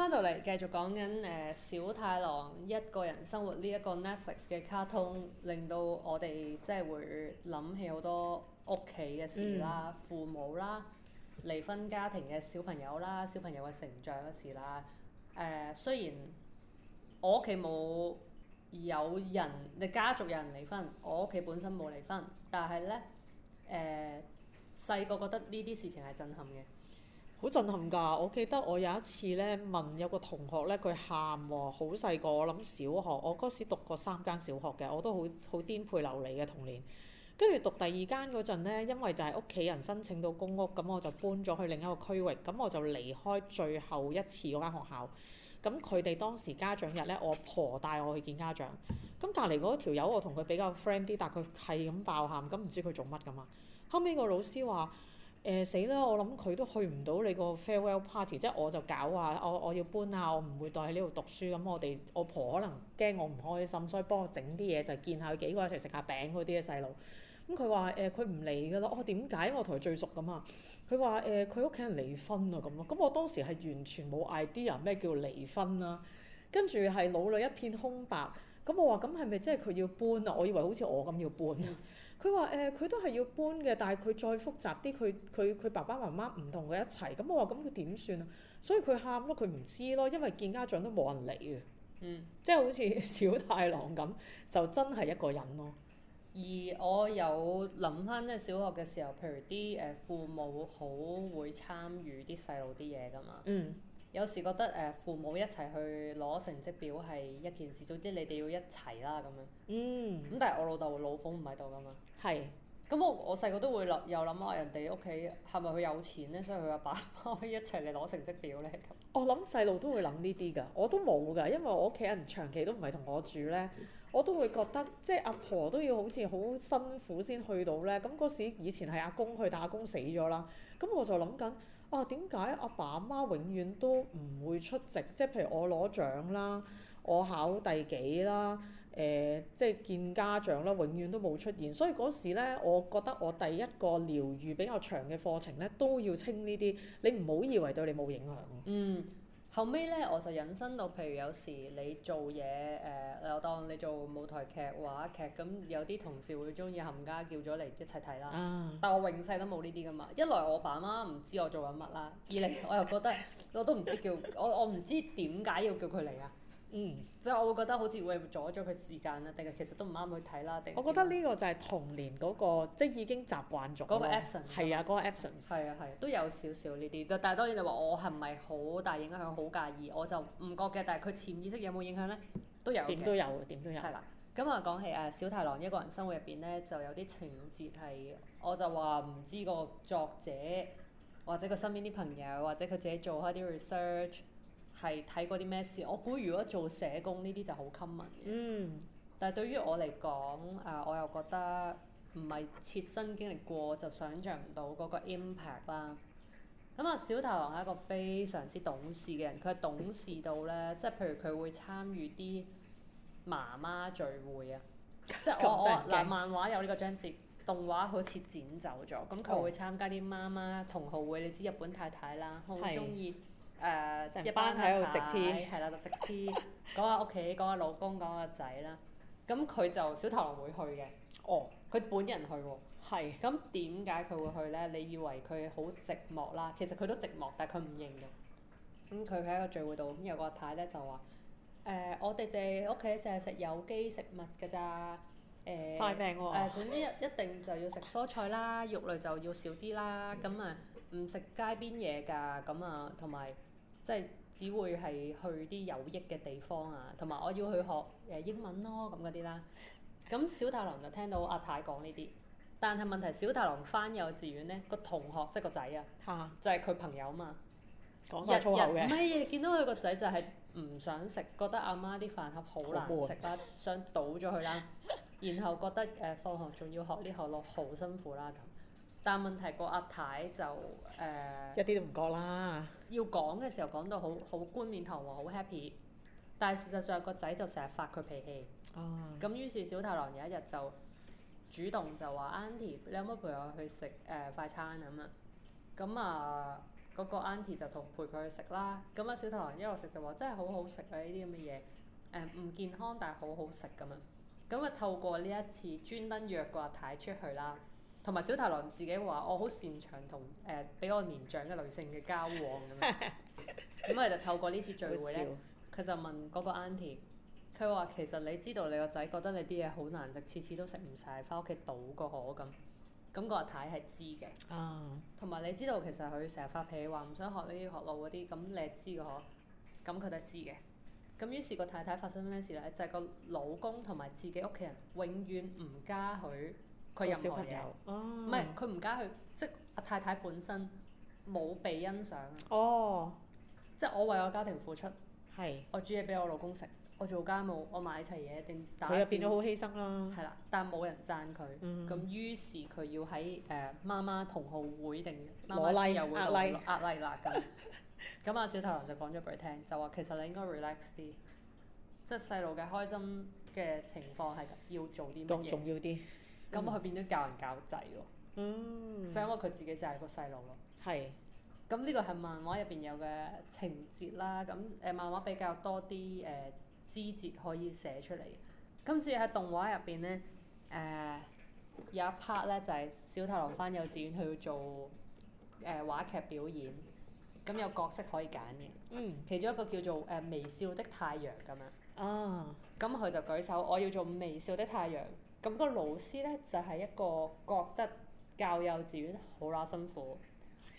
翻到嚟繼續講緊誒小太郎一個人生活呢一個 Netflix 嘅卡通，令到我哋即係會諗起好多屋企嘅事啦、嗯、父母啦、離婚家庭嘅小朋友啦、小朋友嘅成長嘅事啦。誒、呃、雖然我屋企冇有人，你家族有人離婚，我屋企本身冇離婚，但係咧誒細個覺得呢啲事情係震撼嘅。好震撼㗎！我記得我有一次咧問有個同學咧，佢喊喎，好細個，我諗小學，我嗰時讀過三間小學嘅，我都好好顛沛流離嘅童年。跟住讀第二間嗰陣咧，因為就係屋企人申請到公屋，咁我就搬咗去另一個區域，咁我就離開最後一次嗰間學校。咁佢哋當時家長日咧，我婆帶我去見家長。咁隔離嗰條友，我同佢比較 friend 啲，但係佢係咁爆喊，咁唔知佢做乜㗎嘛？後尾個老師話。誒死啦！我諗佢都去唔到你個 farewell party，即係我就搞話我我要搬啊，我唔會待喺呢度讀書咁。我哋我婆可能驚我唔開心，所以幫我整啲嘢就見下佢幾個一齊食下餅嗰啲嘅細路。咁佢話誒，佢唔嚟噶咯，呃哦、我點解？我同佢最熟噶嘛。佢話誒佢屋企人離婚啊咁咯。咁我當時係完全冇 idea 咩叫離婚啦，跟住係腦裏一片空白。咁我話咁係咪即係佢要搬啊？我以為好似我咁要搬啊。佢話誒，佢、呃、都係要搬嘅，但係佢再複雜啲，佢佢佢爸爸媽媽唔同佢一齊。咁我話咁佢點算啊？所以佢喊咯，佢唔知咯，因為見家長都冇人嚟呀。嗯。即係好似小太郎咁，就真係一個人咯。而我有諗翻即係小學嘅時候，譬如啲誒父母好會參與啲細路啲嘢噶嘛。嗯。有時覺得誒、呃、父母一齊去攞成績表係一件事，總之你哋要一齊啦咁樣。嗯。咁但係我老豆老奉唔喺度噶嘛。係是。咁我我細個都會諗，又諗下人哋屋企係咪佢有錢咧，所以佢阿爸，爸可以一齊嚟攞成績表咧咁。我諗細路都會諗呢啲㗎， 我都冇㗎，因為我屋企人長期都唔係同我住咧。我都會覺得，即係阿婆，婆都要好似好辛苦先去到呢。咁、嗯、嗰時以前係阿公去打工死咗啦。咁我就諗緊，哇，點解阿爸阿媽，媽永遠都唔會出席？即係譬如我攞獎啦，我考第幾啦，誒、呃、即係見家長啦，永遠都冇出現。所以嗰時呢，我覺得我第一個療愈比較長嘅課程呢，都要清呢啲。你唔好以為對你冇影響。嗯。後尾咧，我就引申到，譬如有時你做嘢，誒、呃，又當你做舞台劇、話劇，咁有啲同事會中意冚家叫咗嚟一齊睇啦。啊、但我永世都冇呢啲㗎嘛，一來我爸媽唔知我做緊乜啦，二嚟我又覺得我都唔知叫，我我唔知點解要叫佢嚟啊。嗯，即係我會覺得好似會阻咗佢時間啊，定係其實都唔啱去睇啦。定我覺得呢個就係童年嗰個，即係已經習慣咗。嗰個 absence 係啊對，嗰對個 absence 係啊係，都有少少呢啲。但係當然你話我係唔係好大影響，好介意，我就唔覺嘅。但係佢潛意識有冇影響咧？都有點都有，點都有。係啦，咁啊講起誒小太郎一個人生活入邊咧，就有啲情節係，我就話唔知個作者或者佢身邊啲朋友，或者佢自己做開啲 research。係睇過啲咩事？我估如果做社工呢啲就好 common 嘅。嗯、但係對於我嚟講，啊、呃、我又覺得唔係切身經歷過就想像唔到嗰個 impact 啦。咁、嗯、啊，小太郎係一個非常之懂事嘅人，佢係懂事到呢。即係譬如佢會參與啲媽媽聚會啊。 即係我我嗱漫畫有呢個章節，動畫好似剪走咗。咁佢會參加啲媽媽、oh. 同學會，你知日本太太啦，好中意。誒、uh, 整班 一班喺度食 tea，係啦，就食 tea 講下屋企，講下，下老公，講下仔啦。咁、嗯、佢就小太郎會去嘅。哦。佢本人去喎。係是。咁點解佢會去咧？你以為佢好寂寞啦，其實佢都寂寞，但係佢唔認嘅。咁佢喺一個聚會度，咁有個太咧就話：誒、呃，我哋淨係屋企淨係食有機食物㗎咋。誒、呃。曬命喎、啊呃！總之一一定就要食蔬菜啦，肉類就要少啲啦。咁啊，唔食街邊嘢㗎。咁啊，同埋。即係只會係去啲有益嘅地方啊，同埋我要去學誒英文咯，咁嗰啲啦。咁小太郎就聽到阿太講呢啲，但係問題小太郎翻幼稚園呢個同學即係個仔啊，啊就係佢朋友啊嘛。講曬粗口嘅。唔係， 見到佢個仔就係唔想食，覺得阿媽啲飯盒好難食怖啦，想倒咗佢啦，然後覺得誒、呃、放學仲要學呢學歷好辛苦啦咁。但問題個阿太就誒，呃、一啲都唔覺啦。要講嘅時候講到好好冠冕堂皇，好 happy。但係事實上個仔就成日發佢脾氣。咁、oh. 於是小太郎有一日就主動就話 ，Auntie，你可唔可以陪我去食誒、呃、快餐咁啊？咁啊，嗰個 Auntie 就同陪佢去食啦。咁啊，小太郎一路食就話，真係好好食啊！呢啲咁嘅嘢，誒、呃、唔健康，但係好好食咁樣。咁啊，透過呢一次專登約個阿太出去啦。同埋小太郎自己話：我好擅長同誒、呃、比較年長嘅女性嘅交往咁 樣。咁佢就透過呢次聚會咧，佢 就問嗰個 Auntie，佢話其實你知道你個仔覺得你啲嘢好難食，次次都食唔晒，翻屋企倒個河咁。咁、那個太太係知嘅。同埋、oh. 你知道其實佢成日發脾氣話唔想學呢啲學路嗰啲，咁你知嘅可？咁佢都知嘅。咁於是個太太發生咩事咧？就係、是、個老公同埋自己屋企人永遠唔加佢。佢任何嘢，唔係佢唔加佢，即阿太太本身冇被欣賞哦，即我為我家庭付出，係，是 我煮嘢俾我老公食，我做家務，我買齊嘢定但佢又變咗好犧牲啦。係啦，但冇人贊佢，咁於是佢要喺誒、呃、媽媽同號會定媽媽之友會度呃禮啦。咁，咁阿小太郎就講咗俾佢聽，就話其實你應該 relax 啲，即細路嘅開心嘅情況係要做啲乜嘢？重要啲。 咁佢、嗯、變咗教人教仔喎，就因為佢自己就係個細路咯。係。咁呢個係漫畫入邊有嘅情節啦。咁誒漫畫比較多啲誒枝節可以寫出嚟。今次喺動畫入邊咧，誒、呃、有一 part 咧就係小太郎返幼稚園，佢要做誒、呃、話劇表演。咁有角色可以揀嘅。嗯。其中一個叫做誒、呃、微笑的太陽咁樣。哦。咁佢就舉手，我要做微笑的太陽。咁個老師咧就係、是、一個覺得教幼稚園好乸辛苦，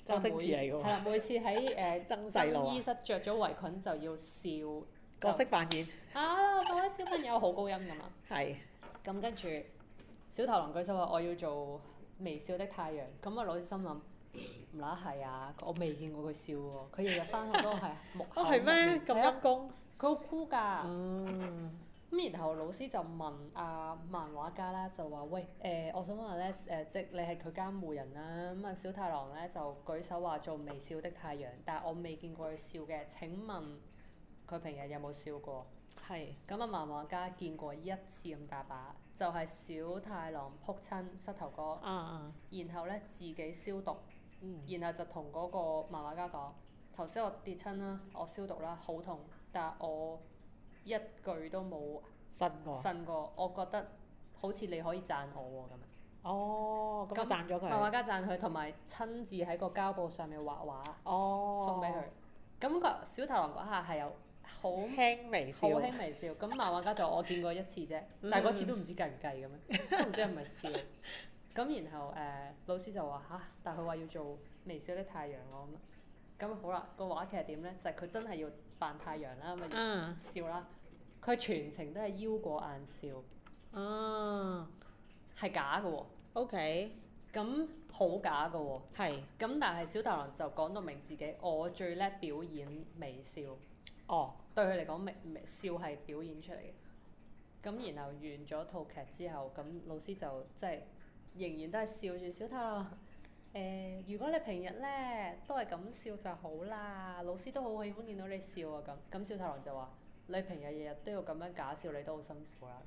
每次係啦，每次喺更衣室着咗圍裙就要笑，角色扮演吓，各位小朋友好高音㗎嘛，係咁，是跟住小太郎舉手話我要做微笑的太陽，咁啊老師心諗唔乸係啊，我未見過佢笑喎，佢日日返學都係、啊，係咩咁陰功？佢好酷㗎。哎咁然後老師就問阿、啊、漫畫家啦，就話喂，誒、呃、我想問下咧，誒、呃、即你係佢監護人啦、啊，咁、嗯、啊小太郎咧就舉手話做微笑的太陽，但我未見過佢笑嘅。請問佢平日有冇笑過？係是。咁啊、嗯、漫畫家見過一次咁大把，就係、是、小太郎撲親膝頭哥，uh. 然後咧自己消毒，嗯、然後就同嗰個漫畫家講：頭先我跌親啦，我消毒啦，好痛，但係我。一句都冇信過，過，我覺得好似你可以讚我喎咁啊！樣哦，咁讚咗佢，漫畫家讚佢，同埋親自喺個膠布上面畫畫，哦、送俾佢。咁、那個小太郎嗰下係有好輕微笑，好輕微笑。咁漫畫家就我見過一次啫， 但係嗰次都唔知計唔計咁啊？ 都唔知係咪笑。咁然後誒、呃、老師就話嚇、啊，但係佢話要做微笑的太陽我咁啦。咁好啦，那個畫其實點咧？就係、是、佢真係要。扮太陽啦咪樣、uh. 笑啦，佢全程都係腰果眼笑，嗯、uh. 哦，係 Okay. 假嘅喎、哦。OK，咁好假嘅喎。係。咁但係小太郎就講到明自己，我最叻表演微笑。哦、oh.。對佢嚟講，微笑係表演出嚟嘅。咁然後完咗套劇之後，咁老師就即係、就是、仍然都係笑住小太郎。誒、呃，如果你平日咧都係咁笑就好啦，老師都好喜歡見到你笑啊咁。咁小太郎就話：你平日日日都要咁樣假笑，你都好辛苦啦。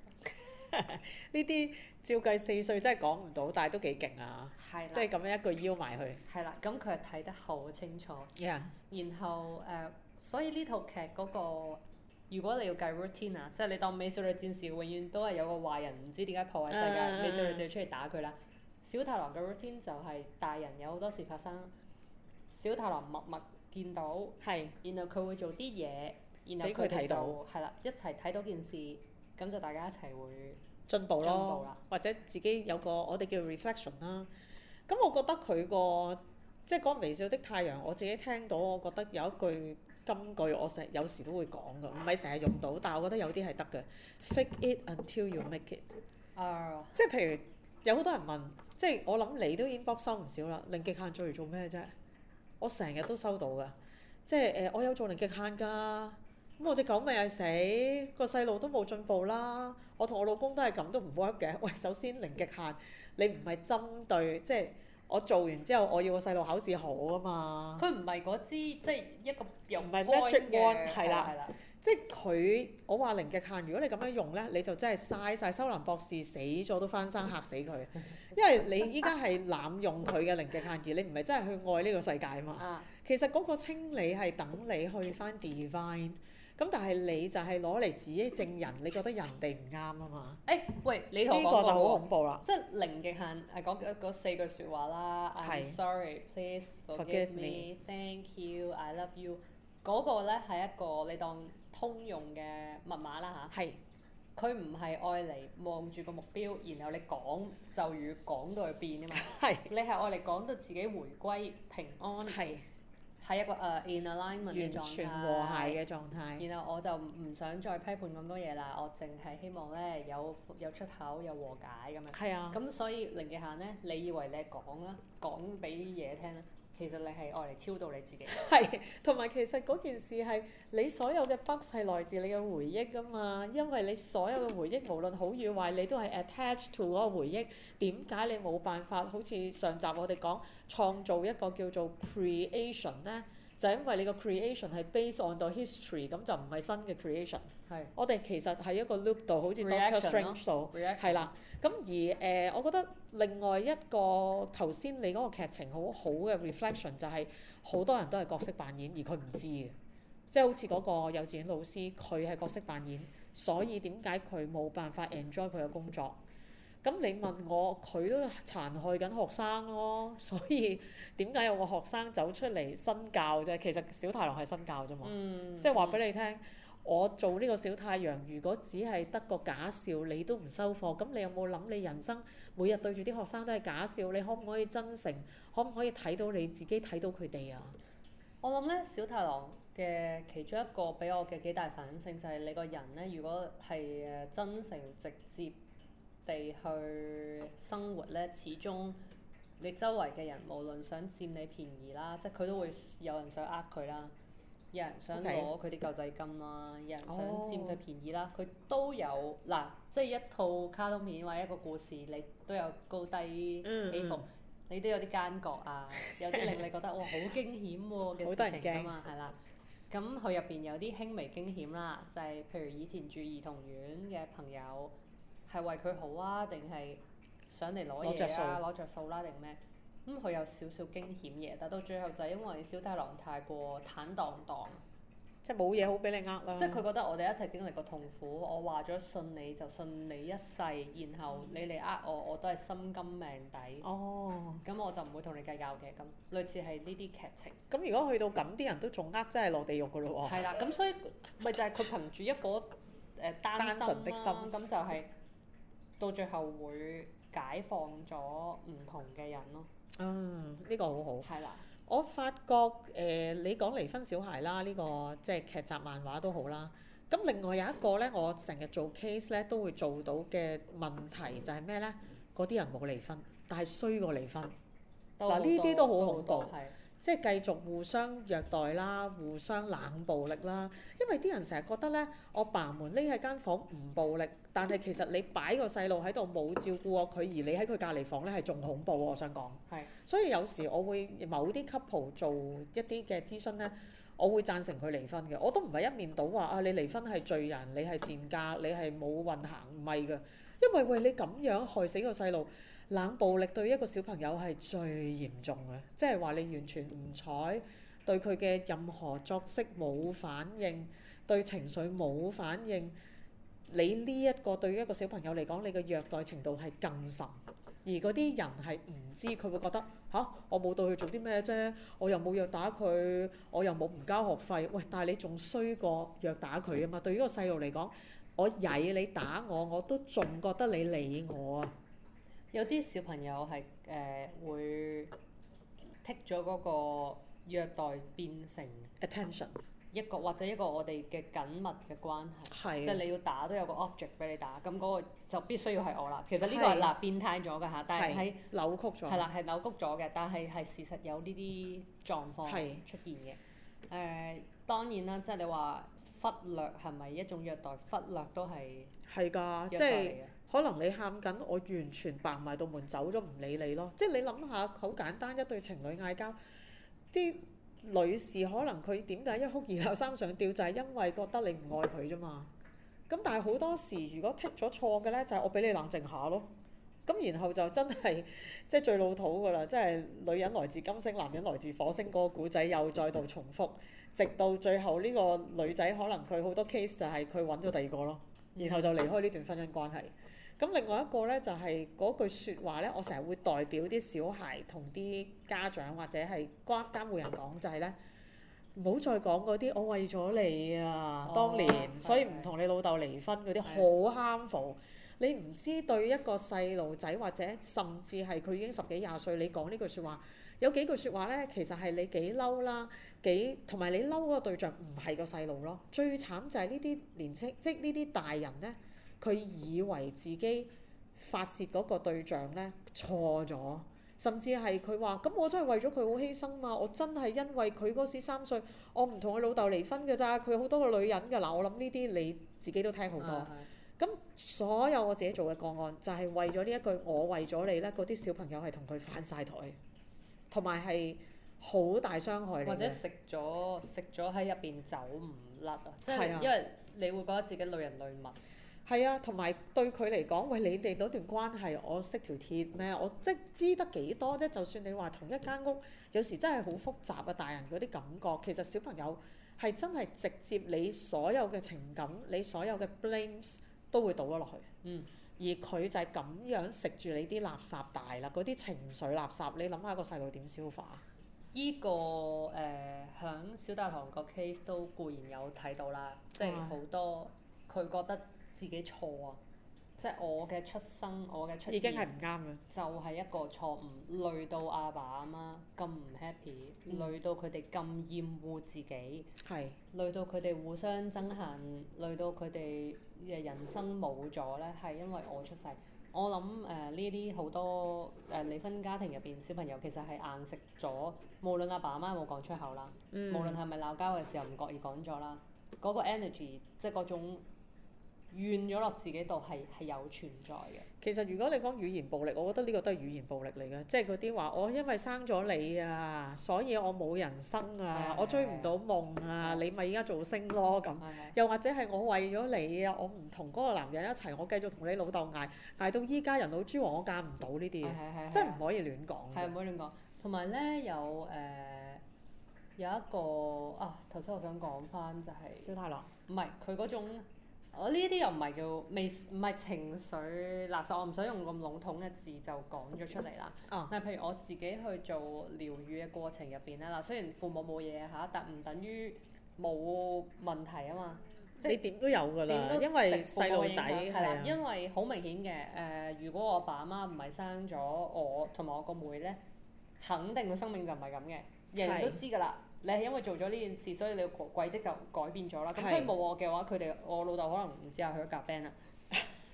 呢啲 照計四歲真係講唔到，但係都幾勁啊！即係咁樣一個腰埋去。係啦，咁佢係睇得好清楚。Yeah. 然後誒、呃，所以呢套劇嗰個，如果你要計 routine 啊，即係你當美少女戰士，永遠都係有個壞人唔知點解破壞世界，uh, 美少女就要出嚟打佢啦。小太郎嘅 routine 就係大人有好多事發生，小太郎默默見到，係，然後佢會做啲嘢，然後俾佢睇到，係啦一齊睇到件事，咁就大家一齊會進步咯，進步咯，進步或者自己有個我哋叫 reflection 啦。咁我覺得佢個即係嗰微笑的太陽，我自己聽到我覺得有一句金句，我成有時都會講㗎，唔係成日用到，但係我覺得有啲係得嘅 fake it until you make it，uh, 即係譬如。有好多人問，即係我諗你都 inbox 收唔少啦，零極限做嚟做咩啫？我成日都收到噶，即係誒、呃、我有做零極限㗎，咁我隻狗咪係死，個細路都冇進步啦，我同我老公都係咁都唔 work 嘅。喂，首先零極限，你唔係針對，即係我做完之後，我要個細路考試好啊嘛。佢唔係嗰支，即、就、係、是、一個又唔係 make it on 啦。即係佢，我話零極限，如果你咁樣用咧，你就真係嘥晒修蘭博士死咗都翻生，嚇死佢！因為你依家係濫用佢嘅零極限，而你唔係真係去愛呢個世界啊嘛。其實嗰個清理係等你去翻 Divine。咁但係你就係攞嚟自己證人，你覺得人哋唔啱啊嘛？誒、哎，喂，你呢個就好恐怖啦。即係零極限誒、啊，講嗰四句説話啦。係是。I'm sorry, please forgive me. Thank you. I love you. 嗰個咧係一個你當通用嘅密碼啦嚇，佢唔係愛嚟望住個目標，然後你講就與講到去邊啊嘛，是你係愛嚟講到自己回歸平安，係是一個誒、uh, in alignment 嘅狀態，完全和諧嘅狀態。然後我就唔想再批判咁多嘢啦，我淨係希望咧有有出口有和解咁樣，咁、啊、所以林傑行咧，你以為你係講啦，講俾啲嘢聽啦。其實你係愛嚟超度你自己。係，同埋其實嗰件事係你所有嘅 focus 係來自你嘅回憶㗎嘛，因為你所有嘅回憶無論好與壞，你都係 attached to 嗰個回憶。點解你冇辦法好似上集我哋講創造一個叫做 creation 呢？就係因為你個 creation 係 based on 個 history，咁就唔係新嘅 creation。係，是 我哋其實喺一個 loop 度，好似 Doctor Strange 咁，係啦。咁 Re action, 而誒、呃，我覺得另外一個頭先你嗰個劇情好好嘅 reflection 就係、是、好多人都係角色扮演，而佢唔知嘅，即係好似嗰個幼稚園老師，佢係角色扮演，所以點解佢冇辦法 enjoy 佢嘅工作？咁你問我，佢都殘害緊學生咯，所以點解有個學生走出嚟新教啫？其實小太郎係新教啫嘛，嗯、即係話俾你聽。嗯我做呢個小太陽，如果只係得個假笑，你都唔收貨，咁你有冇諗你人生每日對住啲學生都係假笑，你可唔可以真誠，可唔可以睇到你自己睇到佢哋啊？我諗呢小太郎嘅其中一個俾我嘅幾大反省，就係你個人呢，如果係真誠直接地去生活呢，始終你周圍嘅人無論想佔你便宜啦，即係佢都會有人想呃佢啦。有人想攞佢啲救濟金啦、啊，Okay. 有人想佔佢便宜、啊 oh. 啦，佢都有嗱，即係一套卡通片或者一個故事，你都有高低起伏，mm hmm. 你都有啲奸角啊，有啲令你覺得 哇好驚險嘅、啊、 事情㗎、啊、嘛，係啦。咁佢入邊有啲輕微驚險啦、啊，就係、是、譬如以前住兒童院嘅朋友，係為佢好啊，定係上嚟攞嘢啊，攞着數啦，定咩、啊？咁佢、嗯、有少少驚險嘢，但到最後就係因為小太郎太過坦蕩蕩，即係冇嘢好俾你呃啦、嗯。即係佢覺得我哋一齊經歷過痛苦，我話咗信你就信你一世，然後你嚟呃我，我都係心甘命抵。哦。咁、嗯、我就唔會同你計較嘅咁。類似係呢啲劇情。咁如果去到咁啲人都仲呃，真係落地獄㗎咯喎！係啦， 咁所以咪就係、是、佢憑住一顆誒單純的心，咁就係、是、到最後會解放咗唔同嘅人咯。嗯，呢個好好。係啦。我發覺誒，你講離婚小孩啦，呢個即係劇集、漫畫都好啦。咁另外有一個咧，我成日做 case 咧都會做到嘅問題就係咩咧？嗰啲人冇離婚，但係衰過離婚。嗱，呢啲都好恐怖。即係繼續互相虐待啦，互相冷暴力啦。因為啲人成日覺得咧，我爸門匿喺間房唔暴力，但係其實你擺個細路喺度冇照顧我佢，而你喺佢隔離房咧係仲恐怖，我想講。係是。所以有時我會某啲 couple 做一啲嘅諮詢咧，我會贊成佢離婚嘅。我都唔係一面倒話啊，你離婚係罪人，你係賤格，你係冇運行，唔係㗎。因為喂，你咁樣害死個細路。冷暴力對一個小朋友係最嚴重嘅，即係話你完全唔睬對佢嘅任何作息冇反應，對情緒冇反應。你呢一個對於一個小朋友嚟講，你嘅虐待程度係更深。而嗰啲人係唔知佢會覺得嚇、啊，我冇對佢做啲咩啫，我又冇虐打佢，我又冇唔交學費。喂，但係你仲衰過虐打佢啊嘛？對於個細路嚟講，我曳你打我，我都仲覺得你理我啊！有啲小朋友係誒、呃、會剔咗嗰個虐待變成 attention 一個 attention。或者一個我哋嘅緊密嘅關係，是即係你要打都有個 object 俾你打，咁嗰個就必須要係我啦。其實呢個係嗱是變態咗㗎吓，但係扭曲咗係啦，係扭曲咗嘅，但係係事實有呢啲狀況出現嘅。誒是、呃、當然啦，即係你話忽略係咪一種虐待？忽略都係係㗎，即係。可能你喊緊，我完全閂埋道門走咗，唔理你咯。即係你諗下，好簡單，一對情侶嗌交，啲女士可能佢點解一哭二鬧三上吊，就係因為覺得你唔愛佢啫嘛。咁但係好多時，如果剔咗錯嘅呢，就係我俾你冷靜下咯。咁然後就真係即係最老土噶啦，即係女人來自金星，男人來自火星嗰個故仔又再度重複，直到最後呢個女仔可能佢好多 case 就係佢揾咗第二個咯，然後就離開呢段婚姻關係。咁另外一個咧，就係、是、嗰句説話咧，我成日會代表啲小孩同啲家長或者係關監護人講，就係、是、咧，唔好再講嗰啲我為咗你啊，哦、當年的所以唔同你老豆離婚嗰啲好慘，你唔知，對一個細路仔或者甚至係佢已經十幾廿歲，你講呢句説話，有幾句説話咧，其實係你幾嬲啦，幾同埋你嬲嗰個對象唔係個細路咯，最慘就係呢啲年青，即係呢啲大人咧。佢以為自己發洩嗰個對象呢，錯咗，甚至係佢話：咁我真係為咗佢好犧牲嘛。我真係因為佢嗰時三歲，我唔同我老豆離婚㗎咋，佢好多個女人㗎。嗱，我諗呢啲你自己都聽好多。咁，哎呀，所有我自己做嘅個案，就係為咗呢一句我為咗你呢，嗰啲小朋友係同佢反晒枱，同埋係好大傷害。或者食咗食咗喺入邊走唔甩啊！即係因為你會覺得自己累人累物。係啊，同埋對佢嚟講，喂，你哋嗰段關係，我識條鐵咩？我即知得幾多啫？即就算你話同一間屋，有時真係好複雜啊。大人嗰啲感覺，其實小朋友係真係直接你所有嘅情感，你所有嘅 blames 都會倒咗落去。嗯。而佢就係咁樣食住你啲垃圾大啦，嗰啲情緒垃圾，你諗下個細路點消化？呢、這個誒，響、呃、小太郎個 case 都固然有睇到啦，即係好多佢唉 覺得。自己錯啊！即係我嘅出生，我嘅出現已經係唔啱喇，就係一個錯誤，累到阿爸阿媽咁唔 happy，、嗯、累到佢哋咁厭惡自己，是累到佢哋互相憎恨，累到佢哋嘅人生冇咗咧，係因為我出世。我諗誒呢啲好多誒離婚家庭入邊小朋友其實係硬食咗，無論阿爸阿媽有冇講出口啦，嗯、無論係咪鬧交嘅時候唔覺意講咗啦，嗰、嗰個 energy 即係嗰種。怨咗落自己度，係係有存在嘅。其實如果你講語言暴力，我覺得呢個都係語言暴力嚟嘅，即係嗰啲話我因為生咗你啊，所以我冇人生啊，是的 我追唔到夢啊，是的 你咪依家做星咯咁。是的 又或者係我為咗你啊，我唔同嗰個男人一齊，我繼續同你老豆嗌嗌到依家人老珠黃，我嫁唔到呢啲，即係唔可以亂講。係唔可以亂講。同埋呢，有誒、呃、有一個啊，頭先我想講翻就係、是、小太郎，唔係佢嗰種。我呢啲又唔係叫未，唔係情緒垃圾。我唔想用咁籠統嘅字就講咗出嚟啦。啊、但係譬如我自己去做療愈嘅過程入邊咧，嗱，雖然父母冇嘢嚇，但唔等於冇問題啊嘛。即係你點都有㗎啦，因為細路仔係啦，因為好明顯嘅。誒、呃，如果我爸媽唔係生咗我同埋我個妹咧，肯定個生命就唔係咁嘅，人人都知㗎啦。你係因為做咗呢件事，所以你個軌跡就改變咗啦。咁所以冇我嘅話，佢哋我老豆可能唔知啊，去咗夾 band 啊，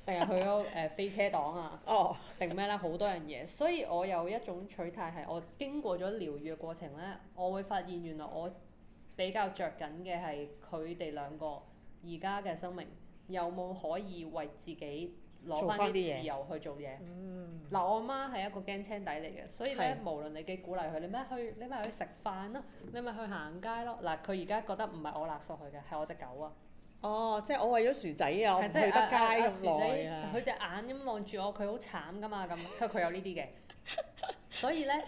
定係去咗誒飛車黨啊，哦， 定咩咧？好多樣嘢。所以我有一種取態係，我經過咗療愈嘅過程咧，我會發現原來我比較着緊嘅係佢哋兩個而家嘅生命有冇可以為自己。攞翻啲自由去做嘢。嗱、嗯，我媽係一個驚青底嚟嘅，所以咧是無論你幾鼓勵佢，你咪去，你咪去食飯咯、啊，你咪去行街咯、啊。嗱，佢而家覺得唔係我勒索佢嘅，係我隻狗啊。哦，即係我為咗薯仔啊，我唔去得街、啊啊啊啊啊、薯仔佢隻、啊、眼咁望住我，佢好慘㗎嘛咁，佢佢有呢啲嘅， 所以咧。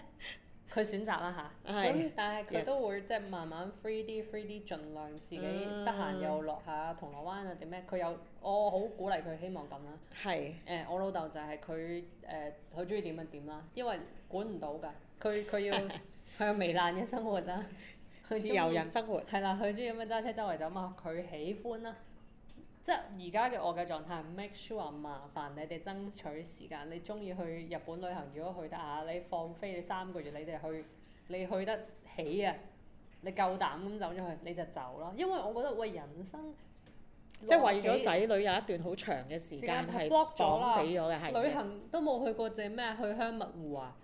佢選擇啦吓，咁但係佢都會 yes. 即係慢慢 free 啲 free 啲，儘量自己得閒又落下、啊、銅鑼灣啊定咩？佢有，我好鼓勵佢，希望咁啦。係是。誒、欸，我老豆就係佢誒，佢中意點咪點啦，因為管唔到㗎。佢佢要佢要糜爛嘅生活啦、啊，自由人生活。係啦，佢中意咁樣揸車周圍走啊，佢喜歡啦。即係而家嘅我嘅狀態，make sure 麻煩你哋爭取時間。你中意去日本旅行，如果去得啊，你放飛你三個月，你哋去，你去得起啊，你夠膽咁走咗去，你就走啦。因為我覺得喂，人生，即係為咗仔女有一段好長嘅時間係擋死咗嘅係。旅行都冇去過，隻咩去香蜜湖啊？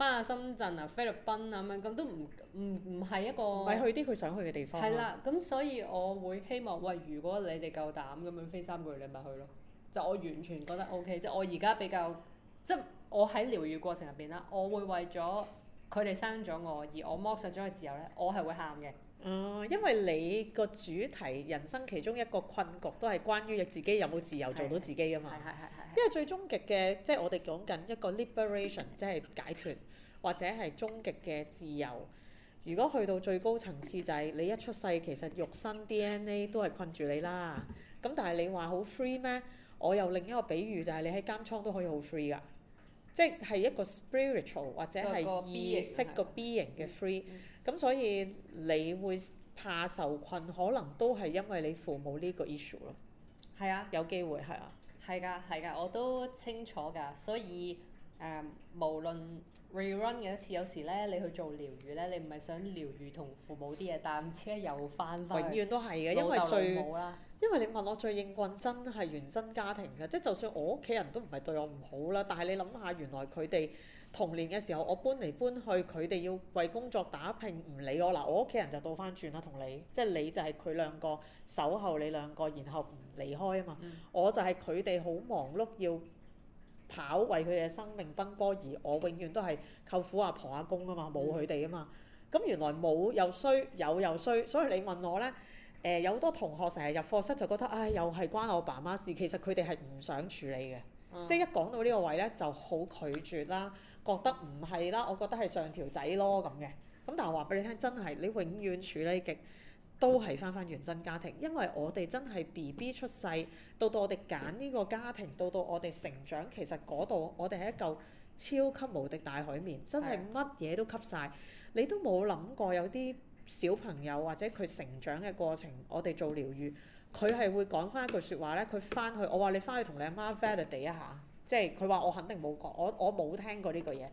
翻深圳啊，菲律賓啊咁樣，咁都唔唔唔係一個。咪去啲佢想去嘅地方咯。係啦的，咁、啊、所以我會希望，喂，如果你哋夠膽咁樣飛三個月，你咪去咯。就我完全覺得 O K，即係我而家比較，即係我喺療愈過程入邊啦，我會為咗佢哋生咗我，而我剝削咗佢自由咧，我係會喊嘅。哦、嗯，因為你個主題人生其中一個困局都係關於你自己有冇自由做到自己㗎嘛。係係係。因為最終極嘅，即係我哋講緊一個 liberation，即係解決或者係終極嘅自由。如果去到最高層次，就係、是、你一出世，其實肉身 DNA 都係困住你啦。咁但係你話好 free 咩？我有另一個比喻就係、是、你喺監倉都可以好 free 噶，即係一個 spiritual 或者係意識個 B 型嘅 free 型。咁的所以你會怕受困，可能都係因為你父母呢個 issue 咯。係啊的，有機會係啊。係噶，係噶，我都清楚噶，所以誒、呃，無論 re run 嘅一次，有時咧你去做療愈咧，你唔係想療愈同父母啲嘢，但係唔知咧又翻翻。永遠都係嘅，因為最因為你問我最認瞓，真係原生家庭㗎，嗯、即係就算我屋企人都唔係對我唔好啦，但係你諗下，原來佢哋。童年嘅時候，我搬嚟搬去，佢哋要為工作打拼，唔理我。嗱，我屋企人就倒翻轉啦，同你即係你就係佢兩個守候你兩個，然後唔離開啊嘛。嗯、我就係佢哋好忙碌要跑，為佢哋嘅生命奔波，而我永遠都係舅父阿婆阿公啊嘛，冇佢哋啊嘛。咁、嗯、原來冇又衰，有又衰，所以你問我呢，誒、呃、有好多同學成日入課室就覺得唉、哎，又係關我爸媽事。其實佢哋係唔想處理嘅，嗯、即係一講到呢個位呢，就好拒絕啦。覺得唔係啦，我覺得係上條仔咯咁嘅。咁但係話俾你聽，真係你永遠處理極都係翻翻原生家庭，因為我哋真係 BB 出世，到到我哋揀呢個家庭，到到我哋成長，其實嗰度我哋係一嚿超級無敵大海綿，真係乜嘢都吸晒。是啊、你都冇諗過有啲小朋友或者佢成長嘅過程，我哋做療愈，佢係會講翻一句説話呢：「佢翻去，我話你翻去同你阿媽 validate 一下。即係佢話我肯定冇講，我我冇聽過媽媽、oh，呢句嘢。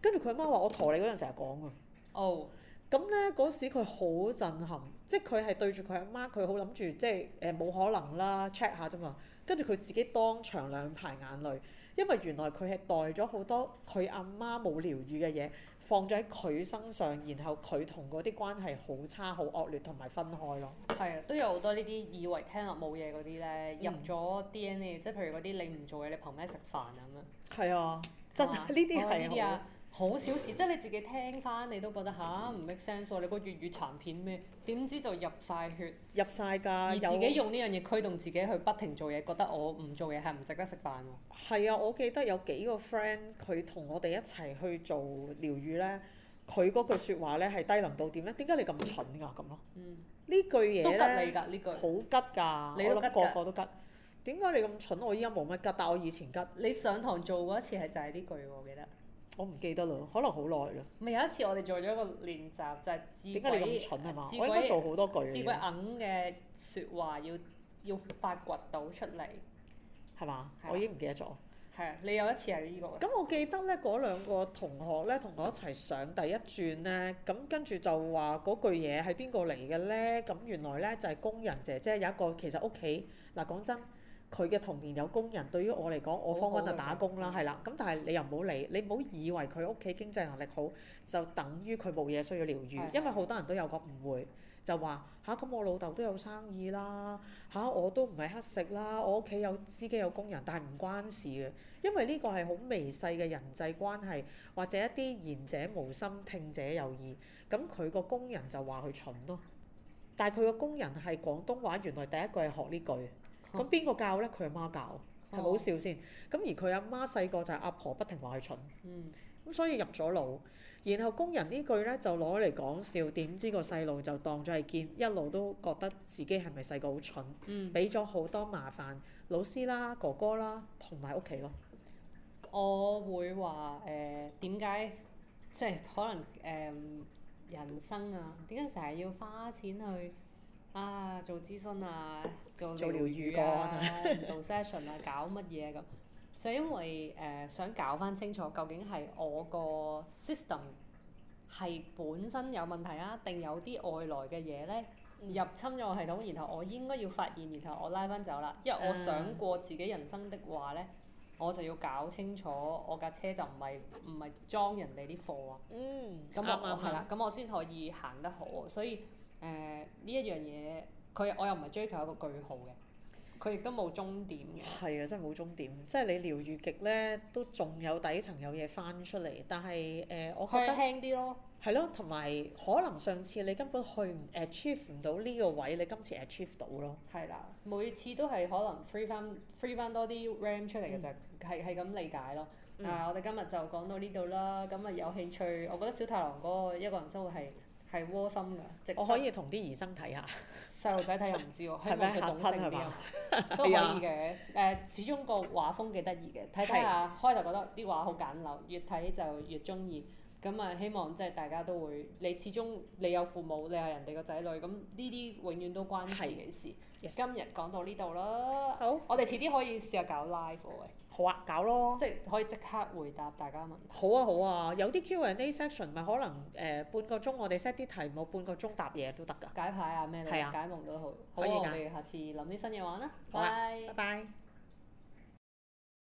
跟住佢阿媽話我陀你嗰陣成日講喎。哦，咁咧嗰時佢好震撼，即係佢係對住佢阿媽，佢好諗住即係誒冇可能啦，check 下啫嘛。跟住佢自己當場兩排眼淚。因為原來佢係代咗好多佢阿媽冇療癒嘅嘢，放咗喺佢身上，然後佢同嗰啲關係好差、好惡劣，同埋分開咯。係啊，都有好多呢啲以為聽落冇嘢嗰啲咧，入咗 DNA，嗯、即係譬如嗰啲你唔做嘢，你憑咩食飯啊咁啊？係啊，真係呢啲係啊，好小事，即係你自己聽返，你都覺得吓，唔、嗯、make sense 喎，啊，你個粵語殘片咩？點知就入晒血，入晒㗎，而自己用呢樣嘢驅動自己去不停做嘢，覺得我唔做嘢係唔值得食飯喎。係啊，我記得有幾個 friend 佢同我哋一齊去做療愈咧，佢嗰句説話咧係低能到點咧？點解你咁蠢㗎咁咯？嗯，句呢句嘢都得你㗎呢句，好急㗎，你諗個個都急。點解你咁蠢？我依家冇乜急，但我以前急。你上堂做過一次係就係呢句喎，我記得。我唔記得啦，可能好耐啦。咪、嗯、有一次我哋做咗一個練習，就係、是、自毀，點解你咁蠢，係嘛？自毀，我應該做好多句嘢。自毀硬嘅説話要要發掘到出嚟，係嘛吧？啊、我已經唔記得咗。係啊，你有一次係呢、這個。咁、嗯、我記得咧，嗰兩個同學咧，同我一齊上第一轉咧，咁跟住就話嗰句嘢係邊個嚟嘅咧？咁原來咧就係、是、工人姐姐，有一個其實屋企嗱講真。佢嘅童年有工人，對於我嚟講，我方剛就打工啦，係啦。咁但係你又唔好理，你唔好以為佢屋企經濟能力好就等於佢冇嘢需要療愈，的因為好多人都有個誤會，就話吓，咁、啊、我老豆都有生意啦，吓、啊，我都唔係乞食啦，我屋企有司機有工人，但係唔關事嘅。因為呢個係好微細嘅人際關係，或者一啲言者無心聽者有意，咁佢個工人就話佢蠢咯。但係佢個工人係廣東話，原來第一句係學呢句。咁邊個教咧？佢阿媽教，係咪、啊、好笑先？咁、啊、而佢阿媽細個就係阿婆不停話佢蠢，咁、嗯、所以入咗腦。然後工人呢句咧就攞嚟講笑，點知個細路就當咗係堅，一路都覺得自己係咪細個好蠢，俾咗好多麻煩老師啦、哥哥啦同埋屋企咯。我會話誒點解即係可能誒、呃、人生啊？點解成日要花錢去？啊，做諮詢啊，做療語啊，做、啊、session 有 啊，搞乜嘢咁？就因為誒、呃、想搞翻清楚，究竟係我個 system 係本身有問題啊，定有啲外來嘅嘢咧入侵咗我系統，然後我應該要發現，然後我拉翻走啦。因為我想過自己人生嘅話咧，嗯、我就要搞清楚，我架車就唔係唔係裝人哋啲貨啊。嗯，啱啊我。咁啦、嗯，咁我先可以行得好啊，所以。誒呢、uh, 一樣嘢，佢我又唔係追求一個句號嘅，佢亦都冇終點嘅。係啊，真係冇終點，即係你療癒極咧，都仲有底層有嘢翻出嚟。但係誒、呃，我覺得的的輕啲咯。係咯，同埋可能上次你根本去唔 achieve 唔到呢個位，你今次 achieve 到咯。係啦，每次都係可能 free 翻 free 翻多啲 ram 出嚟嘅就係係咁理解咯。嗱、嗯，uh, 我哋今日就講到呢度啦。咁啊，有興趣，我覺得小太郎嗰個一個人生活係。係窩心㗎，我可以同啲兒生睇下。細路仔睇又唔知喎，係咪佢懂性啲都可以嘅，誒， 始終個畫風幾得意嘅，睇睇下開頭覺得啲畫好簡陋，越睇就越中意。咁啊、嗯，希望即係大家都會，你始終你有父母，你係人哋個仔女，咁呢啲永遠都關自己事。是今日講到呢度啦，好，我哋遲啲可以試下搞 live 喎、嗯。好啊，搞咯。即係可以即刻回答大家問題。好啊好啊，有啲 Q&A section 咪可能誒、呃、半個鐘我哋 set 啲題冇半個鐘答嘢都得㗎。解牌啊咩？你解夢都好。啊好啊、可以我哋下次諗啲新嘢玩啦、啊拜啊。拜。拜。